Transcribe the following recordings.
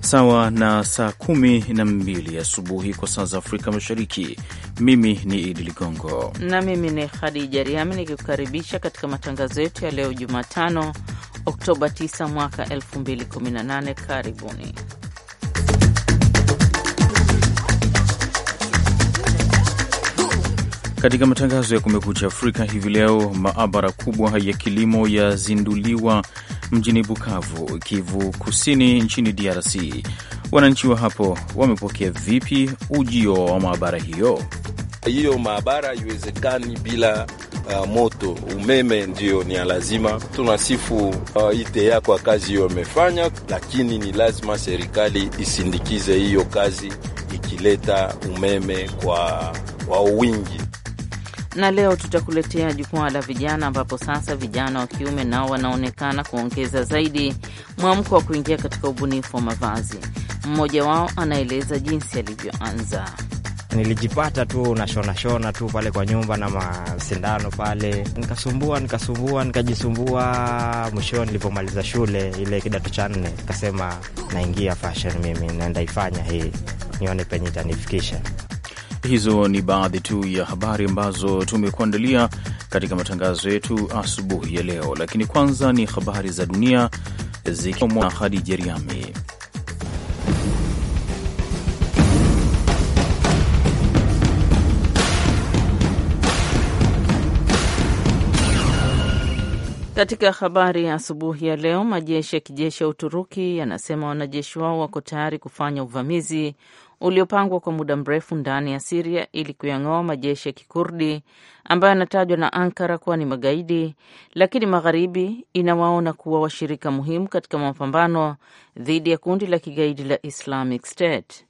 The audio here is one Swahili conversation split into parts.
sawa na saa kumi na mbili asubuhi kwa saa za Afrika Mashariki. Mimi ni Idi Ligongo na mimi ni Khadija Riami nikikukaribisha katika matangazo yetu ya leo Jumatano, Oktoba 9 mwaka 2018. Karibuni. Katika matangazo ya Kumekucha Afrika hivi leo, maabara kubwa ya kilimo yazinduliwa mjini Bukavu, Kivu Kusini, nchini DRC. Wananchi wa hapo wamepokea vipi ujio wa maabara hiyo? Hiyo maabara haiwezekani bila uh, moto. Umeme ndio ni lazima. Tunasifu uh, ITEA kwa kazi hiyo imefanya, lakini ni lazima serikali isindikize hiyo kazi ikileta umeme kwa, kwa wingi na leo tutakuletea jukwaa la vijana, ambapo sasa vijana wa kiume nao wanaonekana kuongeza zaidi mwamko wa kuingia katika ubunifu wa mavazi. Mmoja wao anaeleza jinsi alivyoanza. Nilijipata tu nashonashona tu pale kwa nyumba na masindano pale, nikasumbua nikasumbua nikajisumbua. mwishoo nilivyomaliza shule ile kidato cha nne, nikasema naingia fashion mimi, naenda ifanya hii nione penye itanifikisha. Hizo ni baadhi tu ya habari ambazo tumekuandalia katika matangazo yetu asubuhi ya leo, lakini kwanza ni habari za dunia zikiwa na hadi Jeriami. Katika habari ya asubuhi ya leo, majeshi ya kijeshi ya Uturuki yanasema wanajeshi wao wako tayari kufanya uvamizi uliopangwa kwa muda mrefu ndani ya Siria ili kuyang'oa majeshi ya Kikurdi ambayo yanatajwa na Ankara kuwa ni magaidi, lakini Magharibi inawaona kuwa washirika muhimu katika mapambano dhidi ya kundi la kigaidi la Islamic State.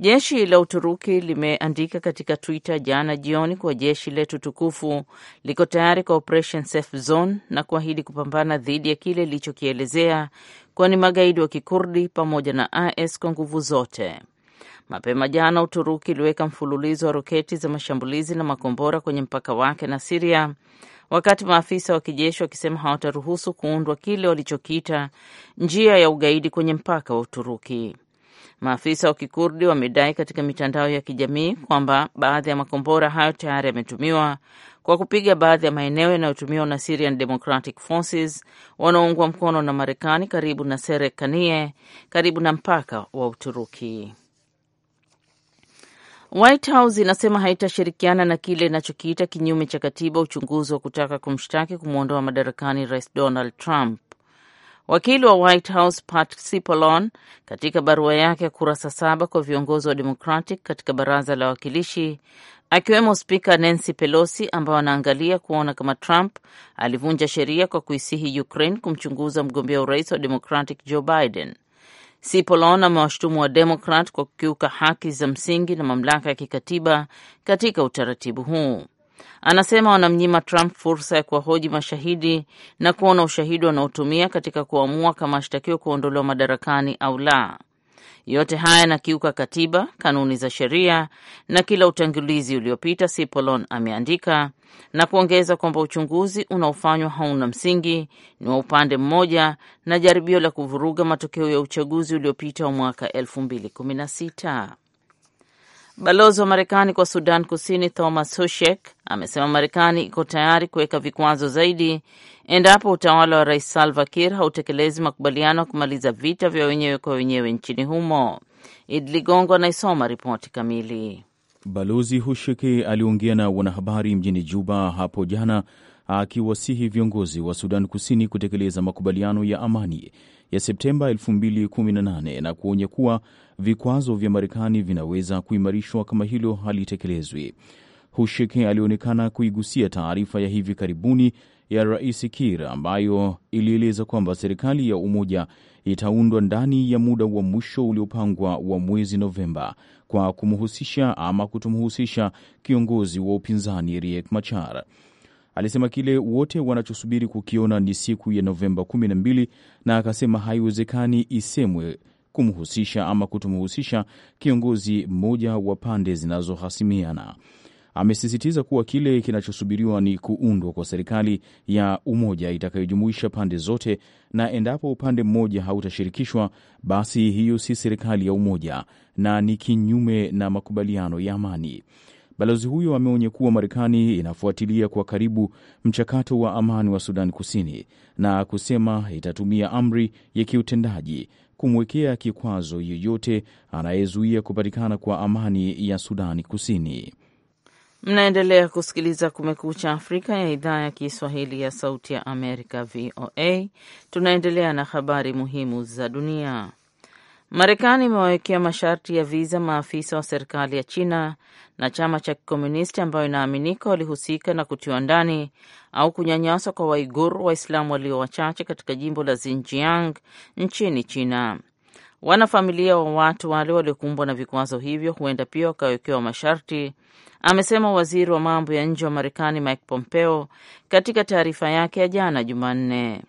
Jeshi la Uturuki limeandika katika Twitter jana jioni kuwa jeshi letu tukufu liko tayari kwa Operation Safe Zone na kuahidi kupambana dhidi ya kile lilichokielezea kuwa ni magaidi wa Kikurdi pamoja na IS kwa nguvu zote. Mapema jana Uturuki iliweka mfululizo wa roketi za mashambulizi na makombora kwenye mpaka wake na Siria, wakati maafisa wa kijeshi wakisema hawataruhusu kuundwa kile walichokiita njia ya ugaidi kwenye mpaka wa Uturuki. Maafisa wa kikurdi wamedai katika mitandao ya kijamii kwamba baadhi ya makombora hayo tayari yametumiwa kwa kupiga baadhi ya maeneo yanayotumiwa na Syrian Democratic Forces wanaoungwa mkono na Marekani karibu na Serekanie, karibu na mpaka wa Uturuki. White House inasema haitashirikiana na kile inachokiita kinyume cha katiba uchunguzi wa kutaka kumshtaki kumwondoa madarakani Rais Donald Trump. Wakili wa White House Pat Cipollone katika barua yake ya kurasa saba kwa viongozi wa Democratic katika baraza la wawakilishi akiwemo spika Nancy Pelosi, ambao anaangalia kuona kama Trump alivunja sheria kwa kuisihi Ukraine kumchunguza mgombea urais wa Democratic Joe Biden sipolon amewashutumu wa Demokrat kwa kukiuka haki za msingi na mamlaka ya kikatiba katika utaratibu huu. Anasema wanamnyima Trump fursa ya kuwahoji mashahidi na kuona ushahidi wanaotumia katika kuamua kama ashtakiwe kuondolewa madarakani au la. Yote haya yanakiuka katiba, kanuni za sheria na kila utangulizi uliopita, Sipolon ameandika na kuongeza kwamba uchunguzi unaofanywa hauna msingi, ni wa upande mmoja na jaribio la kuvuruga matokeo ya uchaguzi uliopita wa mwaka 2016. Balozi wa Marekani kwa Sudan Kusini Thomas hushek amesema Marekani iko tayari kuweka vikwazo zaidi endapo utawala wa Rais Salva hautekelezi makubaliano ya kumaliza vita vya wenyewe kwa wenyewe nchini humo. Id Ligongo anaisoma ripoti kamili. Balozi Husheki aliongea na wanahabari mjini Juba hapo jana akiwasihi viongozi wa Sudan Kusini kutekeleza makubaliano ya amani ya Septemba 2018 na kuonya kuwa vikwazo vya Marekani vinaweza kuimarishwa kama hilo halitekelezwi. Husheke alionekana kuigusia taarifa ya hivi karibuni ya Rais kir ambayo ilieleza kwamba serikali ya umoja itaundwa ndani ya muda wa mwisho uliopangwa wa mwezi Novemba kwa kumhusisha ama kutomhusisha kiongozi wa upinzani Riek Machar. Alisema kile wote wanachosubiri kukiona ni siku ya Novemba 12 na akasema haiwezekani isemwe kumhusisha ama kutomhusisha kiongozi mmoja wa pande zinazohasimiana. Amesisitiza kuwa kile kinachosubiriwa ni kuundwa kwa serikali ya umoja itakayojumuisha pande zote, na endapo upande mmoja hautashirikishwa, basi hiyo si serikali ya umoja na ni kinyume na makubaliano ya amani. Balozi huyo ameonya kuwa Marekani inafuatilia kwa karibu mchakato wa amani wa Sudan Kusini na kusema itatumia amri ya kiutendaji kumwekea kikwazo yoyote anayezuia kupatikana kwa amani ya Sudani Kusini. Mnaendelea kusikiliza Kumekucha Afrika ya idhaa ya Kiswahili ya Sauti ya Amerika, VOA. Tunaendelea na habari muhimu za dunia. Marekani imewawekea masharti ya viza maafisa wa serikali ya China na chama cha kikomunisti ambayo inaaminika walihusika na kutiwa ndani au kunyanyaswa kwa Waigur Waislamu walio wachache katika jimbo la Xinjiang nchini China. Wanafamilia wa watu wale waliokumbwa na vikwazo hivyo huenda pia wakawekewa masharti, amesema waziri wa mambo ya nje wa Marekani Mike Pompeo katika taarifa yake ya jana Jumanne.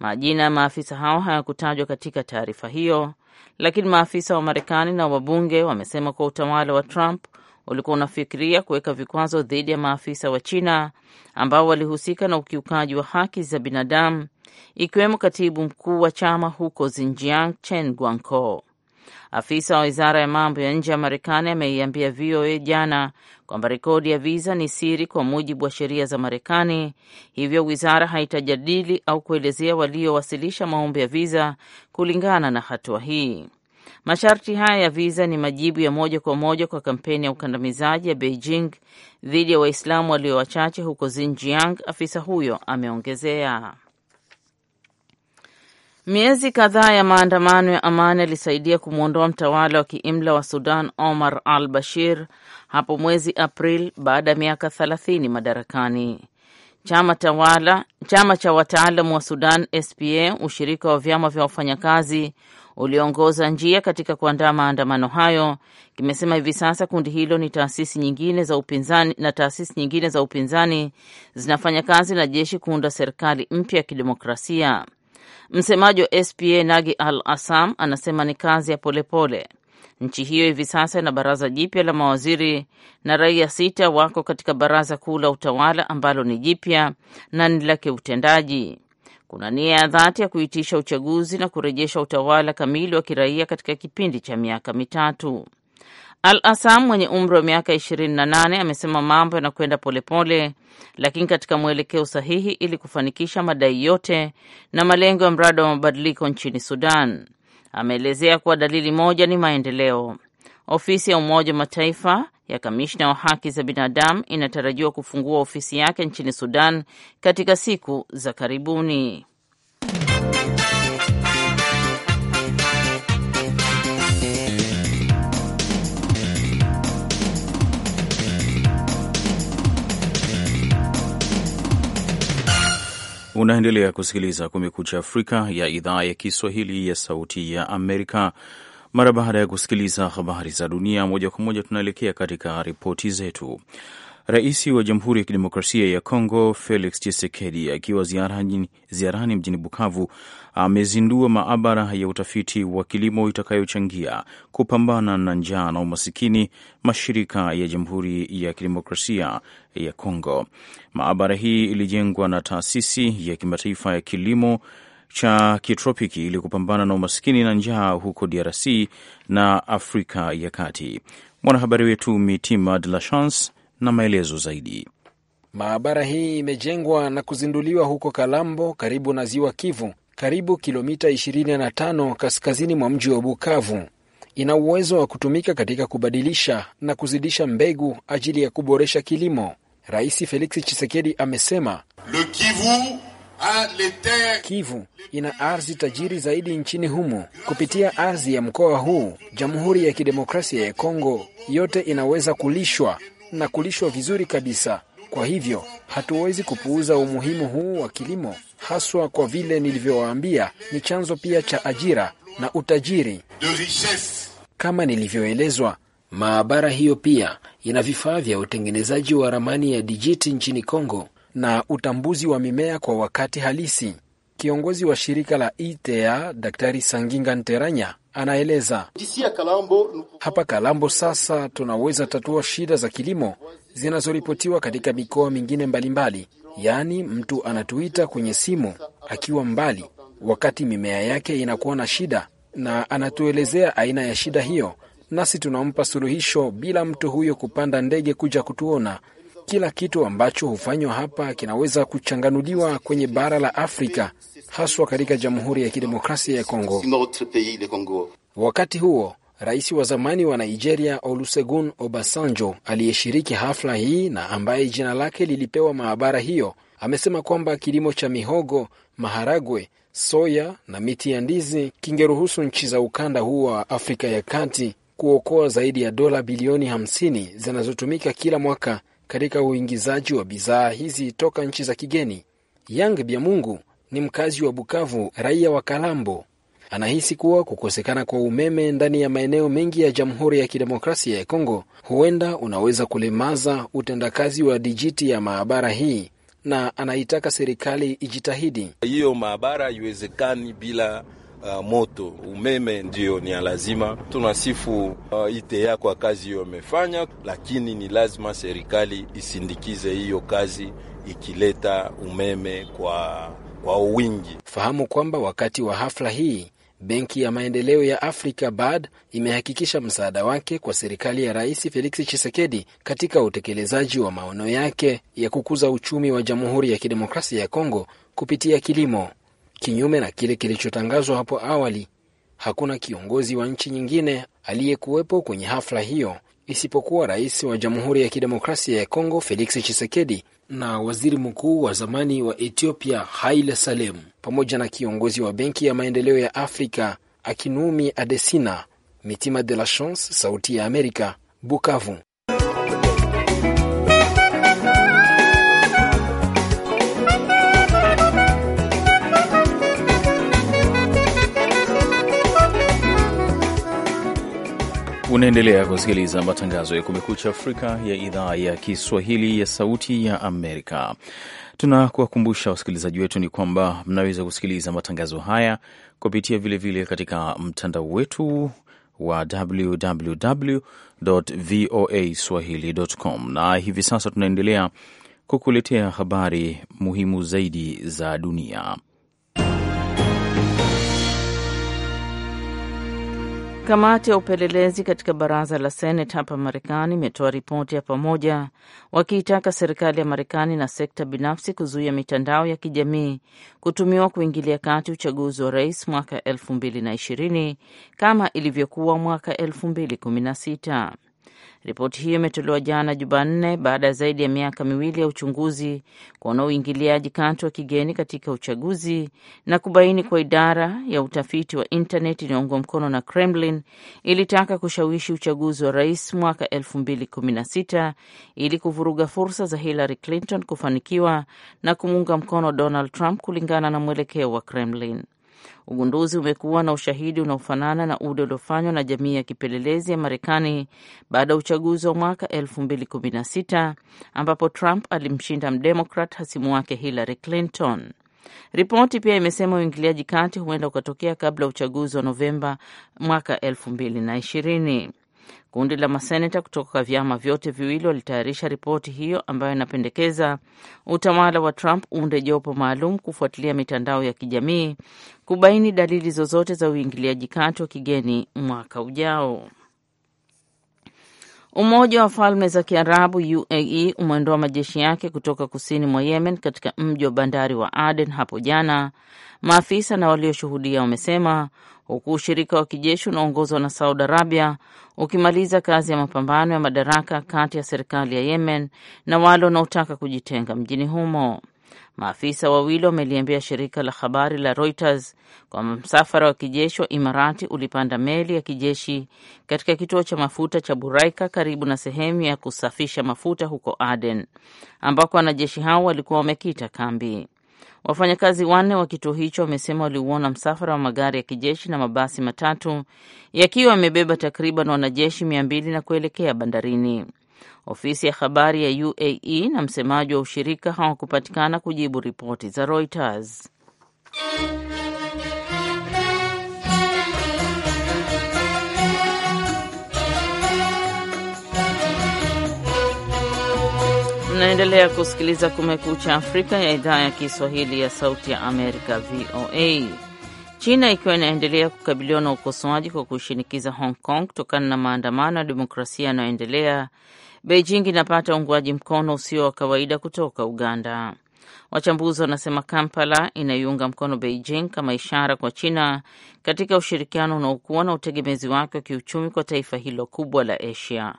Majina ya maafisa hao hayakutajwa katika taarifa hiyo lakini maafisa wa Marekani na wabunge wamesema kuwa utawala wa Trump ulikuwa unafikiria kuweka vikwazo dhidi ya maafisa wa China ambao walihusika na ukiukaji wa haki za binadamu, ikiwemo katibu mkuu wa chama huko Xinjiang Chen Guangco. Afisa wa wizara ya mambo ya nje ya Marekani ameiambia VOA jana kwamba rekodi ya viza ni siri kwa mujibu wa sheria za Marekani, hivyo wizara haitajadili au kuelezea waliowasilisha maombi ya viza kulingana na hatua hii. Masharti haya ya viza ni majibu ya moja kwa moja kwa kampeni ya ukandamizaji ya Beijing dhidi ya Waislamu walio wachache huko Xinjiang, afisa huyo ameongezea. Miezi kadhaa ya maandamano ya amani yalisaidia kumwondoa mtawala wa kiimla wa Sudan Omar al Bashir hapo mwezi April baada ya miaka 30 madarakani. Chama tawala, chama cha wataalamu wa Sudan SPA, ushirika wa vyama vya wafanyakazi ulioongoza njia katika kuandaa maandamano hayo, kimesema hivi sasa kundi hilo ni taasisi nyingine za upinzani na taasisi nyingine za upinzani zinafanya kazi na jeshi kuunda serikali mpya ya kidemokrasia. Msemaji wa SPA Nagi Al Asam anasema ni kazi ya polepole pole. Nchi hiyo hivi sasa ina baraza jipya la mawaziri na raia sita wako katika baraza kuu la utawala ambalo ni jipya na ni la kiutendaji. Kuna nia ya dhati ya kuitisha uchaguzi na kurejesha utawala kamili wa kiraia katika kipindi cha miaka mitatu. Al Asam mwenye umri wa miaka 28 amesema mambo yanakwenda polepole, lakini katika mwelekeo sahihi ili kufanikisha madai yote na malengo ya mradi wa mabadiliko nchini Sudan. Ameelezea kuwa dalili moja ni maendeleo. Ofisi ya Umoja wa Mataifa ya kamishna wa haki za binadamu inatarajiwa kufungua ofisi yake nchini Sudan katika siku za karibuni. Unaendelea kusikiliza Kumekucha Afrika ya idhaa ya Kiswahili ya Sauti ya Amerika. Mara baada ya kusikiliza habari za dunia moja kwa moja, tunaelekea katika ripoti zetu. Rais wa Jamhuri ya Kidemokrasia ya Kongo Felix Tshisekedi akiwa ziarani, ziarani mjini Bukavu amezindua maabara ya utafiti wa kilimo itakayochangia kupambana na njaa na umasikini mashirika ya Jamhuri ya Kidemokrasia ya Kongo. Maabara hii ilijengwa na taasisi ya kimataifa ya kilimo cha kitropiki ili kupambana na umasikini na njaa huko DRC na Afrika ya Kati. Mwanahabari wetu Mitima de la Chance na maelezo zaidi. Maabara hii imejengwa na kuzinduliwa huko Kalambo karibu na ziwa Kivu, karibu kilomita 25 kaskazini mwa mji wa Bukavu. Ina uwezo wa kutumika katika kubadilisha na kuzidisha mbegu ajili ya kuboresha kilimo. Rais Felix Tshisekedi amesema Le Kivu Kivu ina ardhi tajiri zaidi nchini humo. Kupitia ardhi ya mkoa huu, Jamhuri ya Kidemokrasia ya Kongo yote inaweza kulishwa na kulishwa vizuri kabisa. Kwa hivyo hatuwezi kupuuza umuhimu huu wa kilimo, haswa kwa vile nilivyowaambia, ni chanzo pia cha ajira na utajiri. Kama nilivyoelezwa, maabara hiyo pia ina vifaa vya utengenezaji wa ramani ya dijiti nchini Kongo na utambuzi wa mimea kwa wakati halisi. Kiongozi wa shirika la ITA Daktari Sanginga Nteranya Anaeleza hapa Kalambo, sasa tunaweza tatua shida za kilimo zinazoripotiwa katika mikoa mingine mbalimbali, yaani mtu anatuita kwenye simu akiwa mbali, wakati mimea yake inakuwa na shida, na anatuelezea aina ya shida hiyo, nasi tunampa suluhisho bila mtu huyo kupanda ndege kuja kutuona. Kila kitu ambacho hufanywa hapa kinaweza kuchanganuliwa kwenye bara la Afrika haswa katika Jamhuri ya Kidemokrasia ya Kongo. Wakati huo rais wa zamani wa Nigeria Olusegun Obasanjo, aliyeshiriki hafla hii na ambaye jina lake lilipewa maabara hiyo, amesema kwamba kilimo cha mihogo, maharagwe, soya na miti ya ndizi kingeruhusu nchi za ukanda huo wa Afrika ya Kati kuokoa zaidi ya dola bilioni 50 zinazotumika kila mwaka katika uingizaji wa bidhaa hizi toka nchi za kigeni. Yang Biamungu ni mkazi wa Bukavu, raia wa Kalambo. Anahisi kuwa kukosekana kwa umeme ndani ya maeneo mengi ya Jamhuri ya Kidemokrasia ya Kongo huenda unaweza kulemaza utendakazi wa dijiti ya maabara hii, na anaitaka serikali ijitahidi. Hiyo maabara haiwezekani bila uh, moto. Umeme ndiyo ni ya lazima. Tunasifu uh, ITEA kwa kazi hiyo amefanya lakini ni lazima serikali isindikize hiyo kazi ikileta umeme kwa kwa wingi. Fahamu kwamba wakati wa hafla hii Benki ya Maendeleo ya Afrika BAD imehakikisha msaada wake kwa serikali ya Rais Felix Tshisekedi katika utekelezaji wa maono yake ya kukuza uchumi wa Jamhuri ya Kidemokrasia ya Kongo kupitia kilimo. Kinyume na kile kilichotangazwa hapo awali, hakuna kiongozi wa nchi nyingine aliyekuwepo kwenye hafla hiyo isipokuwa Rais wa Jamhuri ya Kidemokrasia ya Kongo Felix Tshisekedi na waziri mkuu wa zamani wa Ethiopia Haile Salem pamoja na kiongozi wa Benki ya Maendeleo ya Afrika akinumi Adesina. Mitima de la Chance, Sauti ya Amerika, Bukavu. Unaendelea kusikiliza matangazo ya Kumekucha Afrika ya idhaa ya Kiswahili ya Sauti ya Amerika. Tunakuwakumbusha wasikilizaji wetu ni kwamba mnaweza kusikiliza matangazo haya kupitia vilevile vile katika mtandao wetu wa www voa na hivi sasa tunaendelea kukuletea habari muhimu zaidi za dunia. Kamati ya upelelezi katika baraza la Seneti hapa Marekani imetoa ripoti ya pamoja wakiitaka serikali ya Marekani na sekta binafsi kuzuia mitandao ya kijamii kutumiwa kuingilia kati uchaguzi wa rais mwaka elfu mbili na ishirini kama ilivyokuwa mwaka elfu mbili kumi na sita. Ripoti hiyo imetolewa jana Jumanne baada ya zaidi ya miaka miwili ya uchunguzi kuona uingiliaji kati wa kigeni katika uchaguzi na kubaini kwa idara ya utafiti wa intaneti inayoungwa mkono na Kremlin ilitaka kushawishi uchaguzi wa rais mwaka 2016 ili kuvuruga fursa za Hillary Clinton kufanikiwa na kumuunga mkono Donald Trump kulingana na mwelekeo wa Kremlin. Ugunduzi umekuwa na ushahidi unaofanana na ule uliofanywa na jamii ya kipelelezi ya Marekani baada ya uchaguzi wa mwaka 2016 ambapo Trump alimshinda mdemokrat hasimu wake Hillary Clinton. Ripoti pia imesema uingiliaji kati huenda ukatokea kabla ya uchaguzi wa Novemba mwaka 2020. Kundi la maseneta kutoka vyama vyote viwili walitayarisha ripoti hiyo ambayo inapendekeza utawala wa Trump uunde jopo maalum kufuatilia mitandao ya kijamii kubaini dalili zozote za uingiliaji kati wa kigeni mwaka ujao. Umoja wa Falme za Kiarabu UAE umeondoa majeshi yake kutoka kusini mwa Yemen katika mji wa bandari wa Aden hapo jana, maafisa na walioshuhudia wamesema, huku ushirika wa kijeshi unaoongozwa na Saudi Arabia ukimaliza kazi ya mapambano ya madaraka kati ya serikali ya Yemen na wale wanaotaka kujitenga mjini humo. Maafisa wawili wameliambia shirika la habari la Reuters kwamba msafara wa kijeshi wa Imarati ulipanda meli ya kijeshi katika kituo cha mafuta cha Buraika karibu na sehemu ya kusafisha mafuta huko Aden ambako wanajeshi hao walikuwa wamekita kambi. Wafanyakazi wanne wa kituo hicho wamesema waliuona msafara wa magari ya kijeshi na mabasi matatu yakiwa yamebeba takriban wanajeshi mia mbili na kuelekea bandarini. Ofisi ya habari ya UAE na msemaji wa ushirika hawakupatikana kujibu ripoti za Reuters. Mnaendelea kusikiliza Kumekucha Afrika ya idhaa ya Kiswahili ya Sauti ya Amerika, VOA. China ikiwa inaendelea kukabiliwa na ukosoaji kwa kuishinikiza Hong Kong kutokana na maandamano ya demokrasia yanayoendelea, Beijing inapata uungwaji mkono usio wa kawaida kutoka Uganda. Wachambuzi wanasema Kampala inaiunga mkono Beijing kama ishara kwa China katika ushirikiano unaokuwa na utegemezi wake wa kiuchumi kwa taifa hilo kubwa la Asia.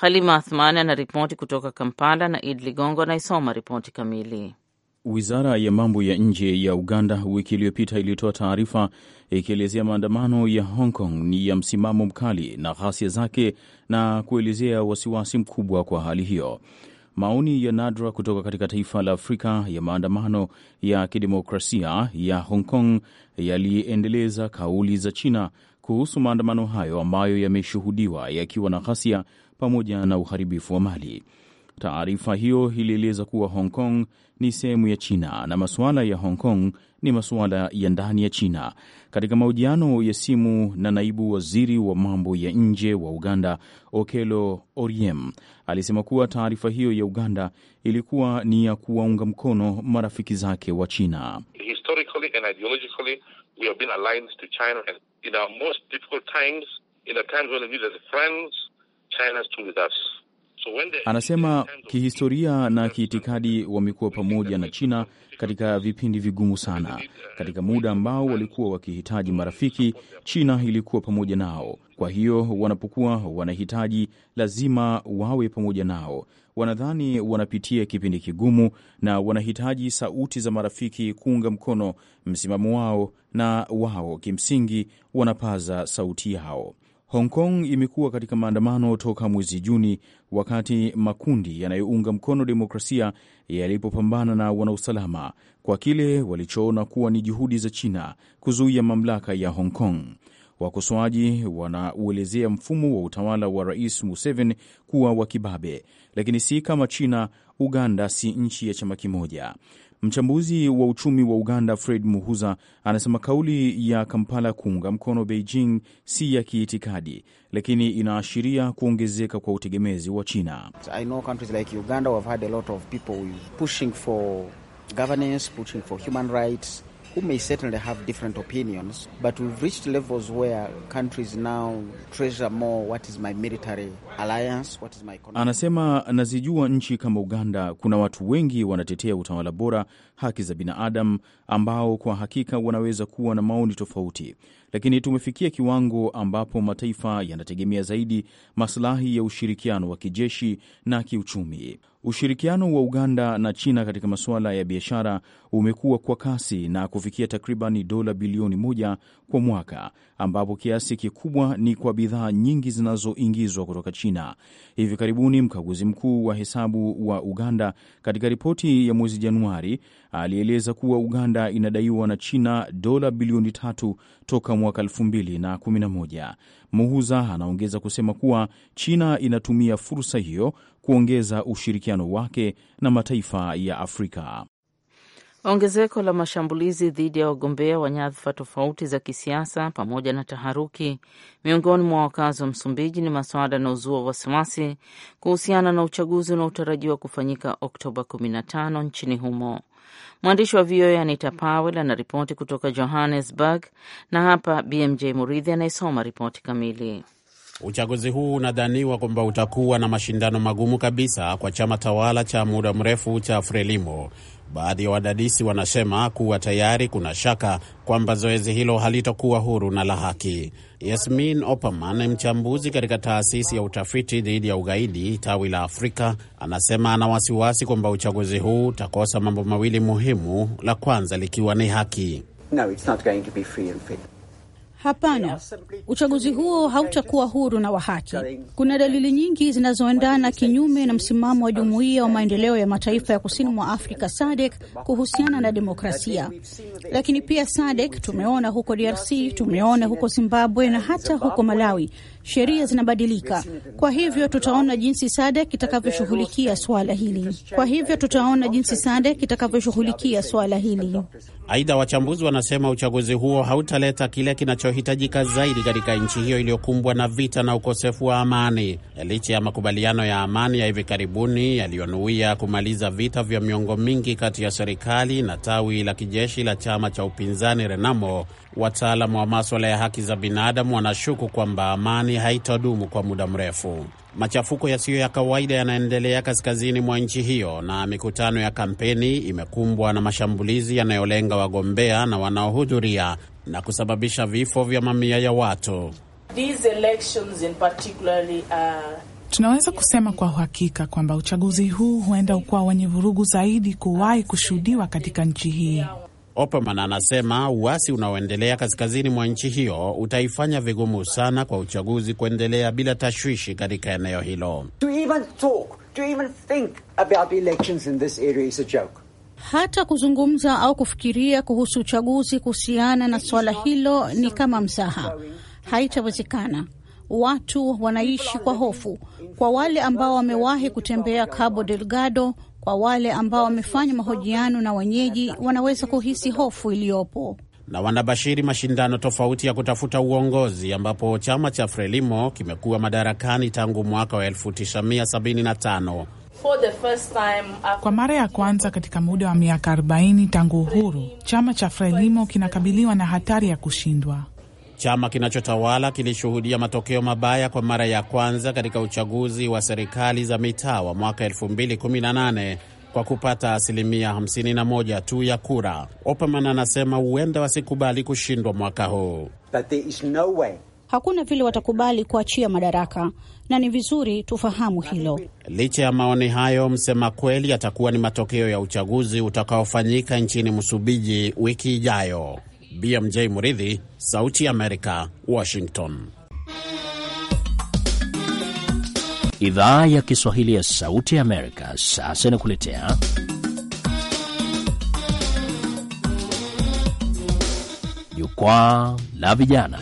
Halima Athmani anaripoti kutoka Kampala na Id Ligongo anaisoma ripoti kamili. Wizara ya mambo ya nje ya Uganda wiki iliyopita ilitoa taarifa ikielezea maandamano ya Hong Kong ni ya msimamo mkali na ghasia zake na kuelezea wasiwasi mkubwa kwa hali hiyo. Maoni ya nadra kutoka katika taifa la Afrika ya maandamano ya kidemokrasia ya Hong Kong yaliendeleza kauli za China kuhusu maandamano hayo ambayo yameshuhudiwa yakiwa na ghasia pamoja na uharibifu wa mali. Taarifa hiyo ilieleza kuwa Hong Kong ni sehemu ya China na masuala ya Hong Kong ni masuala ya ndani ya China. Katika mahojiano ya simu na naibu waziri wa mambo ya nje wa Uganda, Okello Oryem, alisema kuwa taarifa hiyo ya Uganda ilikuwa ni ya kuwaunga mkono marafiki zake wa China. Anasema kihistoria na kiitikadi wamekuwa pamoja na China katika vipindi vigumu sana. Uh, katika muda ambao walikuwa wakihitaji marafiki, China ilikuwa pamoja nao. Kwa hiyo wanapokuwa wanahitaji, lazima wawe pamoja nao. Wanadhani wanapitia kipindi kigumu na wanahitaji sauti za marafiki kuunga mkono msimamo wao, na wao kimsingi wanapaza sauti yao. Hong Kong imekuwa katika maandamano toka mwezi Juni, wakati makundi yanayounga mkono demokrasia yalipopambana na wanausalama kwa kile walichoona kuwa ni juhudi za China kuzuia mamlaka ya Hong Kong. Wakosoaji wanauelezea mfumo wa utawala wa Rais Museveni kuwa wa kibabe, lakini si kama China. Uganda si nchi ya chama kimoja. Mchambuzi wa uchumi wa Uganda Fred Muhuza anasema kauli ya Kampala kuunga mkono Beijing si ya kiitikadi, lakini inaashiria kuongezeka kwa utegemezi wa China. I who may certainly have different opinions, but we've reached levels where countries now treasure more what is my military alliance, what is my economy. Anasema nazijua nchi kama Uganda kuna watu wengi wanatetea utawala bora, haki za binadamu, ambao kwa hakika wanaweza kuwa na maoni tofauti, lakini tumefikia kiwango ambapo mataifa yanategemea zaidi masilahi ya ushirikiano wa kijeshi na kiuchumi. Ushirikiano wa Uganda na China katika masuala ya biashara umekuwa kwa kasi na kufikia takriban dola bilioni moja kwa mwaka, ambapo kiasi kikubwa ni kwa bidhaa nyingi zinazoingizwa kutoka China. Hivi karibuni mkaguzi mkuu wa hesabu wa Uganda katika ripoti ya mwezi Januari alieleza kuwa Uganda inadaiwa na China dola bilioni tatu toka mwaka 2011. Muhuza anaongeza kusema kuwa China inatumia fursa hiyo kuongeza ushirikiano wake na mataifa ya Afrika. Ongezeko la mashambulizi dhidi ya wagombea wa nyadhifa tofauti za kisiasa pamoja na taharuki miongoni mwa wakazi wa Msumbiji ni masuala yanaozua wasiwasi kuhusiana na uchaguzi unaotarajiwa kufanyika Oktoba 15 nchini humo. Mwandishi wa VOA Anita Powell anaripoti kutoka Johannesburg, na hapa BMJ Muridhi anayesoma ripoti kamili. Uchaguzi huu unadhaniwa kwamba utakuwa na mashindano magumu kabisa kwa chama tawala cha muda mrefu cha Frelimo. Baadhi ya wadadisi wanasema kuwa tayari kuna shaka kwamba zoezi hilo halitokuwa huru na la haki. Yasmin Opperman, mchambuzi katika taasisi ya utafiti dhidi ya ugaidi tawi la Afrika, anasema ana wasiwasi kwamba uchaguzi huu utakosa mambo mawili muhimu, la kwanza likiwa ni haki. No, it's not going to be free and fair. Hapana, uchaguzi huo hautakuwa huru na wa haki. Kuna dalili nyingi zinazoendana kinyume na msimamo wa Jumuiya wa Maendeleo ya Mataifa ya Kusini mwa Afrika SADC kuhusiana na demokrasia, lakini pia SADC tumeona huko DRC, tumeona huko Zimbabwe na hata huko Malawi sheria zinabadilika. Kwa hivyo tutaona jinsi SADC itakavyoshughulikia suala hili. Kwa hivyo tutaona jinsi SADC itakavyoshughulikia swala hili. Aidha, wachambuzi wanasema uchaguzi huo hautaleta kile kinachohitajika zaidi katika nchi hiyo iliyokumbwa na vita na ukosefu wa amani, licha ya makubaliano ya amani ya hivi karibuni yaliyonuia kumaliza vita vya miongo mingi kati ya serikali na tawi la kijeshi la chama cha upinzani Renamo Wataalamu wa maswala ya haki za binadamu wanashuku kwamba amani haitadumu kwa muda mrefu. Machafuko yasiyo ya kawaida yanaendelea kaskazini mwa nchi hiyo, na mikutano ya kampeni imekumbwa na mashambulizi yanayolenga wagombea na wanaohudhuria na kusababisha vifo vya mamia ya watu. These elections in particularly are... Uh, Tunaweza kusema kwa uhakika kwamba uchaguzi huu huenda ukuwa wenye vurugu zaidi kuwahi kushuhudiwa katika nchi hii. Opperman anasema uasi unaoendelea kaskazini mwa nchi hiyo utaifanya vigumu sana kwa uchaguzi kuendelea bila tashwishi katika eneo hilo. Hata kuzungumza au kufikiria kuhusu uchaguzi kuhusiana na suala hilo ni kama mzaha, haitawezekana. Watu wanaishi kwa hofu. Kwa wale ambao wamewahi kutembea Cabo Delgado, kwa wale ambao wamefanya mahojiano na wenyeji, wanaweza kuhisi hofu iliyopo na wanabashiri mashindano tofauti ya kutafuta uongozi ambapo chama cha Frelimo kimekuwa madarakani tangu mwaka wa 1975. Uh, Kwa mara ya kwanza katika muda wa miaka 40 tangu uhuru, chama cha Frelimo kinakabiliwa na hatari ya kushindwa. Chama kinachotawala kilishuhudia matokeo mabaya kwa mara ya kwanza katika uchaguzi wa serikali za mitaa wa mwaka 2018 kwa kupata asilimia 51 tu ya kura. Opperman anasema huenda wasikubali kushindwa mwaka huu. No, hakuna vile watakubali kuachia madaraka na ni vizuri tufahamu hilo. Licha ya maoni hayo, msema kweli atakuwa ni matokeo ya uchaguzi utakaofanyika nchini Msumbiji wiki ijayo. BMJ Muridhi, Sauti ya Amerika, Washington. Idhaa ya Kiswahili ya Sauti Amerika sasa inakuletea Jukwaa la Vijana.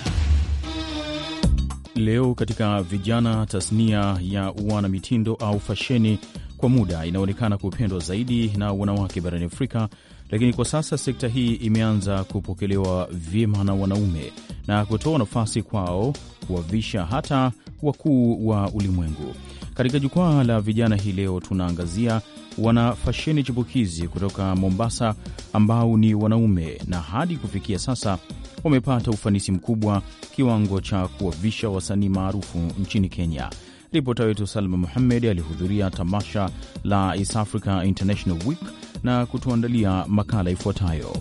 Leo katika Vijana, tasnia ya uanamitindo au fasheni kwa muda inaonekana kupendwa zaidi na wanawake barani Afrika, lakini kwa sasa sekta hii imeanza kupokelewa vyema na wanaume na kutoa nafasi kwao kuwavisha hata wakuu wa ulimwengu. Katika jukwaa la vijana hii leo tunaangazia wanafasheni chipukizi kutoka Mombasa ambao ni wanaume na hadi kufikia sasa wamepata ufanisi mkubwa kiwango cha kuwavisha wasanii maarufu nchini Kenya. Ripota wetu Salma Muhammed alihudhuria tamasha la East Africa International Week na kutuandalia makala ifuatayo.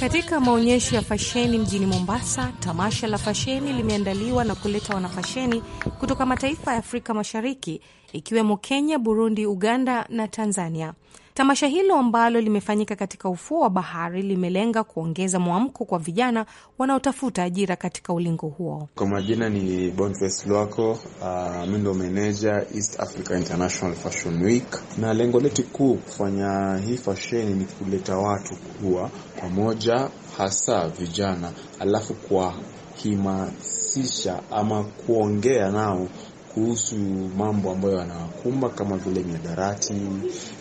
Katika maonyesho ya fasheni mjini Mombasa, tamasha la fasheni limeandaliwa na kuleta wanafasheni kutoka mataifa ya Afrika Mashariki ikiwemo Kenya, Burundi, Uganda na Tanzania. Tamasha hilo ambalo limefanyika katika ufuo wa bahari limelenga kuongeza mwamko kwa vijana wanaotafuta ajira katika ulingo huo. Kwa majina ni Boniface Lwako. Uh, mi ndo meneja East Africa International Fashion Week, na lengo letu kuu kufanya hii fasheni ni kuleta watu kuwa pamoja, hasa vijana, alafu kwa kimasisha ama kuongea nao kuhusu mambo ambayo yanawakumba kama vile miadarati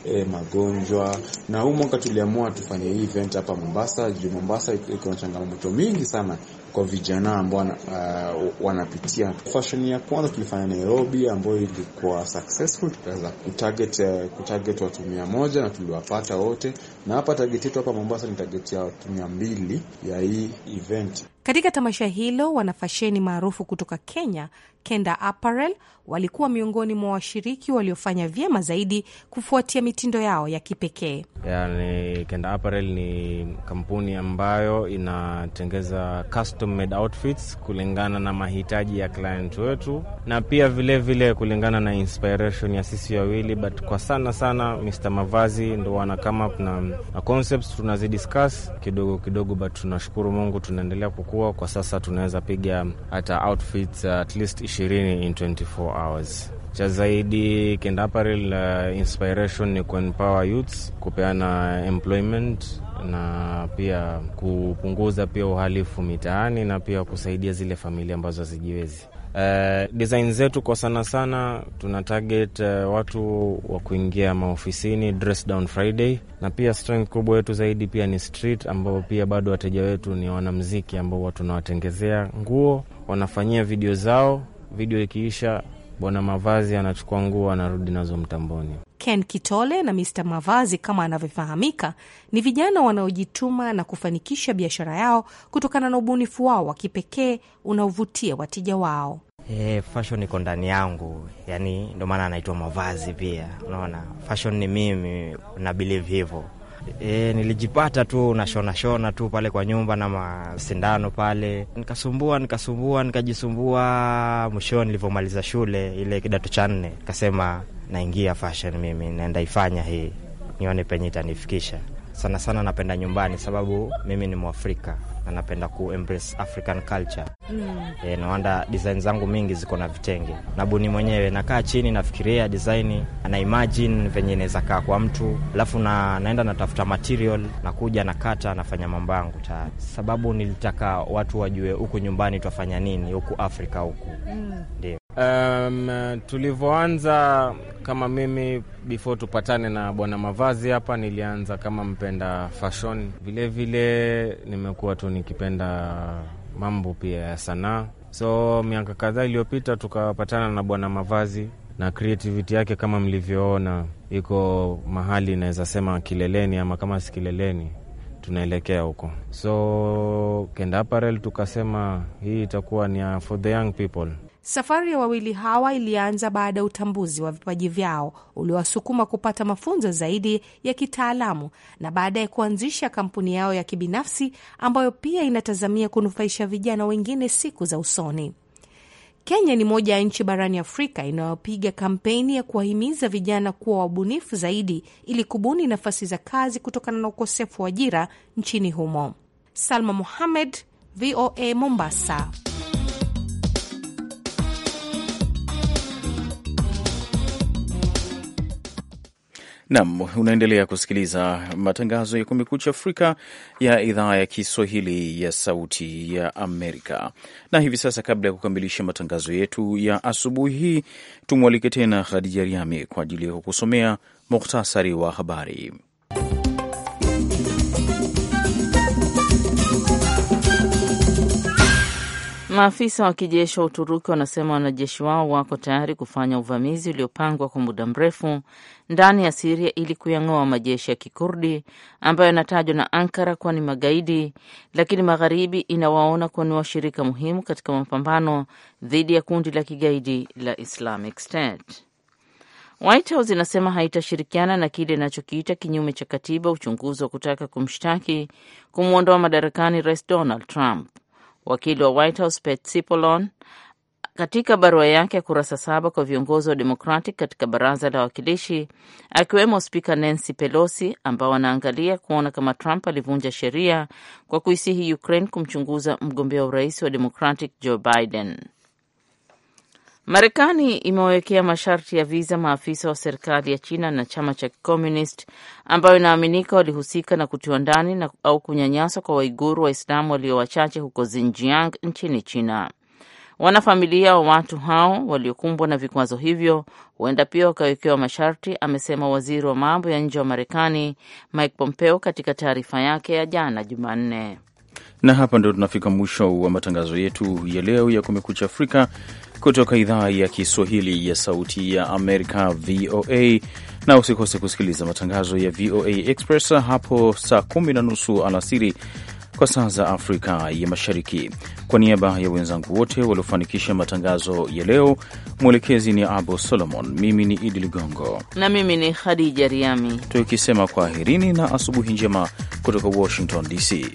e, magonjwa. Na huu mwaka tuliamua tufanye hii event hapa Mombasa juu Mombasa iko na changamoto mingi sana kwa vijana ambao uh, wanapitia. Fashion ya kwanza tulifanya Nairobi, ambayo ilikuwa successful, tukaweza kutarget uh, kutarget watu mia moja na tuliwapata wote, na hapa target yetu hapa Mombasa ni target ya watu mia mbili ya hii event. Katika tamasha hilo wanafasheni maarufu kutoka Kenya, Kenda Apparel, walikuwa miongoni mwa washiriki waliofanya vyema zaidi kufuatia mitindo yao ya kipekee. Yani, Kenda Apparel ni kampuni ambayo inatengeza custom made outfits kulingana na mahitaji ya client wetu, na pia vilevile vile kulingana na inspiration ya sisi wawili, but kwa sana sana Mr. Mavazi ndo wana come up na, na concepts tunazidiscuss kidogo kidogo, but tunashukuru Mungu tunaendelea kukua. Kwa sasa tunaweza piga hata outfits at least 20 in 24 hours cha zaidi Kenda uh, inspiration ni kuempower youths, kupeana employment na pia kupunguza pia uhalifu mitaani na pia kusaidia zile familia ambazo hazijiwezi. Uh, design zetu kwa sana sana tuna target uh, watu wa kuingia maofisini dress down Friday, na pia strength kubwa yetu zaidi pia ni street, ambao pia bado wateja wetu ni wanamziki ambao tunawatengezea nguo, wanafanyia video zao, video ikiisha bwana mavazi anachukua nguo anarudi nazo mtamboni. Ken Kitole na Mr Mavazi kama anavyofahamika ni vijana wanaojituma na kufanikisha biashara yao kutokana na ubunifu wao wa kipekee unaovutia wateja wao. E, fashon iko ndani yangu, yani ndio maana anaitwa mavazi pia. Unaona, fashon ni mimi na hivo E, nilijipata tu nashona shona tu pale kwa nyumba na masindano pale, nikasumbua nikasumbua nikajisumbua. Mwishoni nilivyomaliza shule ile kidato cha nne, kasema naingia fashion mimi, naenda ifanya hii nione penye itanifikisha. Sana sana napenda nyumbani, sababu mimi ni Mwafrika anapenda ku embrace African culture mm. E, eh, nawanda design zangu mingi ziko na vitenge na buni mwenyewe, nakaa chini nafikiria design, ana imagine venye inaweza kaa kwa mtu, alafu na, naenda natafuta material, nakuja nakata, nafanya mambo yangu tayari, sababu nilitaka watu wajue huku nyumbani twafanya nini huku Afrika huku mm. Ndio. Um, tulivyoanza kama mimi before tupatane na bwana mavazi hapa, nilianza kama mpenda fashion, vilevile nimekuwa tu nikipenda mambo pia ya sanaa. So miaka kadhaa iliyopita tukapatana na bwana mavazi na creativity yake kama mlivyoona iko mahali inaweza sema kileleni, ama kama si kileleni tunaelekea huko. So Kenda Apparel tukasema hii itakuwa ni for the young people Safari ya wawili hawa ilianza baada ya utambuzi wa vipaji vyao uliowasukuma kupata mafunzo zaidi ya kitaalamu na baadaye kuanzisha kampuni yao ya kibinafsi ambayo pia inatazamia kunufaisha vijana wengine siku za usoni. Kenya ni moja ya nchi barani Afrika inayopiga kampeni ya kuwahimiza vijana kuwa wabunifu zaidi ili kubuni nafasi za kazi kutokana na ukosefu wa ajira nchini humo. Salma Muhamed, VOA Mombasa. Nam, unaendelea kusikiliza matangazo ya Kumekucha Afrika ya idhaa ya Kiswahili ya Sauti ya Amerika. Na hivi sasa, kabla ya kukamilisha matangazo yetu ya asubuhi hii, tumwalike tena Khadija Riami kwa ajili ya kukusomea muhtasari wa habari. Maafisa wa kijeshi wa Uturuki wanasema wanajeshi wao wako tayari kufanya uvamizi uliopangwa kwa muda mrefu ndani ya Siria ili kuyang'oa majeshi ya Kikurdi ambayo yanatajwa na Ankara kuwa ni magaidi, lakini Magharibi inawaona kuwa ni washirika muhimu katika mapambano dhidi ya kundi la kigaidi la Islamic State. White House inasema haitashirikiana na kile inachokiita kinyume cha katiba uchunguzi wa kutaka kumshtaki kumwondoa madarakani Rais Donald Trump. Wakili wa White House Pat Cipollone katika barua yake ya kurasa saba kwa viongozi wa Democratic katika baraza la wawakilishi akiwemo spika Nancy Pelosi, ambao wanaangalia kuona kama Trump alivunja sheria kwa kuisihi Ukraine kumchunguza mgombea wa urais wa Democratic Joe Biden. Marekani imewawekea masharti ya viza maafisa wa serikali ya China na chama cha Kikomunist ambayo inaaminika walihusika na kutiwa ndani au kunyanyaswa kwa Waiguru Waislamu walio wachache huko Xinjiang nchini China. Wanafamilia wa watu hao waliokumbwa na vikwazo hivyo huenda pia wakawekewa masharti, amesema waziri wa mambo ya nje wa Marekani Mike Pompeo katika taarifa yake ya jana Jumanne. Na hapa ndio tunafika mwisho wa matangazo yetu ya leo ya Kumekucha Afrika kutoka idhaa ya Kiswahili ya Sauti ya Amerika, VOA, na usikose kusikiliza matangazo ya VOA Express hapo saa kumi na nusu alasiri kwa saa za Afrika ya Mashariki. Kwa niaba ya wenzangu wote waliofanikisha matangazo ya leo, mwelekezi ni Abu Solomon, mimi ni Idi Ligongo na mimi ni Khadija Riami, tukisema kwaherini na asubuhi njema kutoka Washington DC.